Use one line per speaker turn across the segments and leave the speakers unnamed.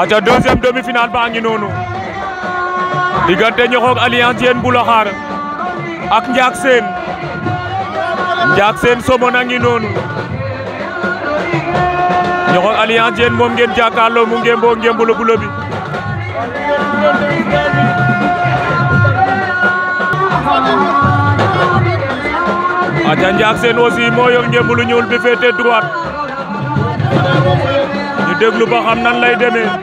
aca deuxième demi-finale baa ngi noonu diggante Ñoxoog Alliance Yène Boulakhar ak Ndiak Sène Ndiak Sène Somone ngi noonu Ñoxoog Alliance Yène moom ngeen jàkkaarloo mu ngeen bi aca Ndiak Sène aussi moo yor ngeen bulu ñuul bi déglu ba xam nan lay demee waaw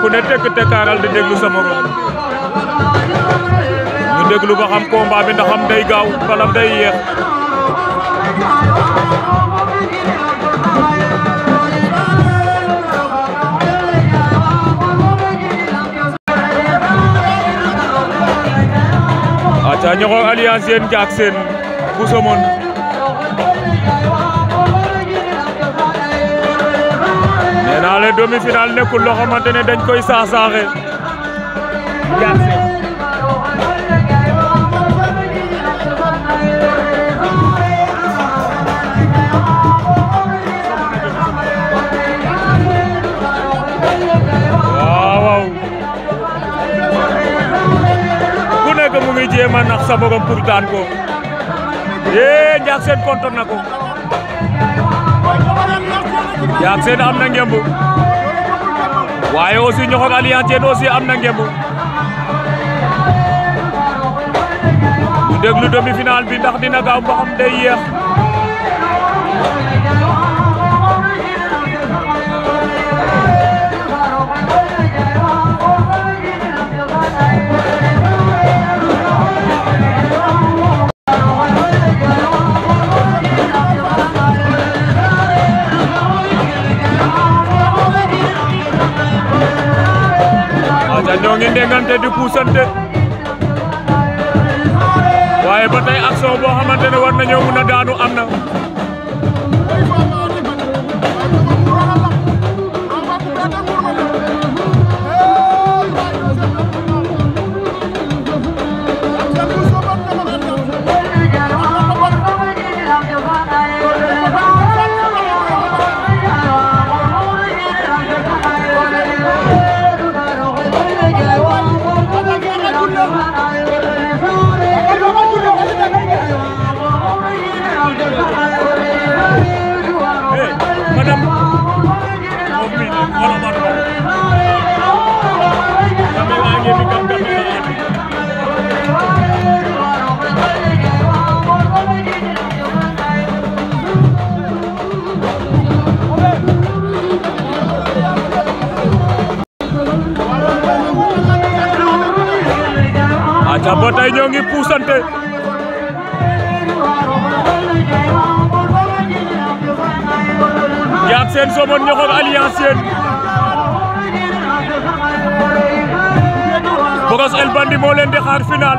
ku ne tekk tekkaaral di déglu sama morom ñu déglu ba xam combat bi day gaaw balam day yéex Sañoxo alliance seen jaak seen bu somon nee naa leen demi-finale nekkul dañ koy saax saaxe jaak jéem a nax sa morom pour daan ko yee eh, Ndiack Sène na ko Ndiack Sène am na ngemb waaye aussi Niokh Alias Diène aussi am na ngemb ñu déglu demi-finale bi ndax dina gaaw ba xam jàppante di puusante waaye ba tey action boo xamante ne war nañoo mun a daanu am na. Yaat Sène Somone Niokhob Alliance Sène Brosse El Bandit moo leen di xaar final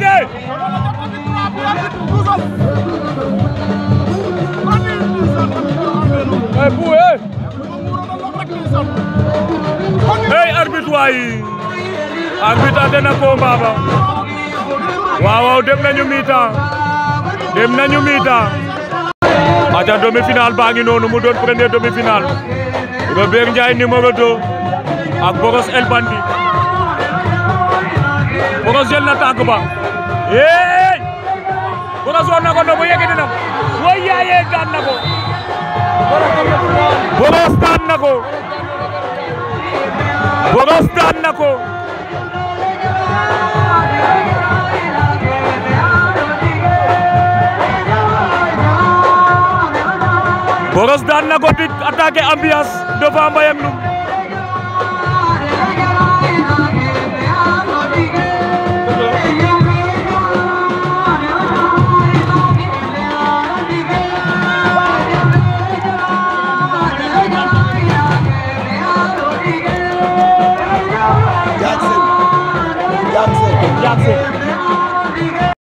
dee ee bu ee ee arbitre na ko dem nañu mi-temps dem baa ngi noonu mu doon premier demi-finale Robert Ndiaye numéro ak Boros El Bandi Boros jël na tànk ba ee Bogas war na ko ndox bu yëkkati na ko way yaayee daan na ko Bogas daan na ko Bogas daan na ko Bogas daan na ko di attaqué ambiance devant Mbayang Loum Jackson.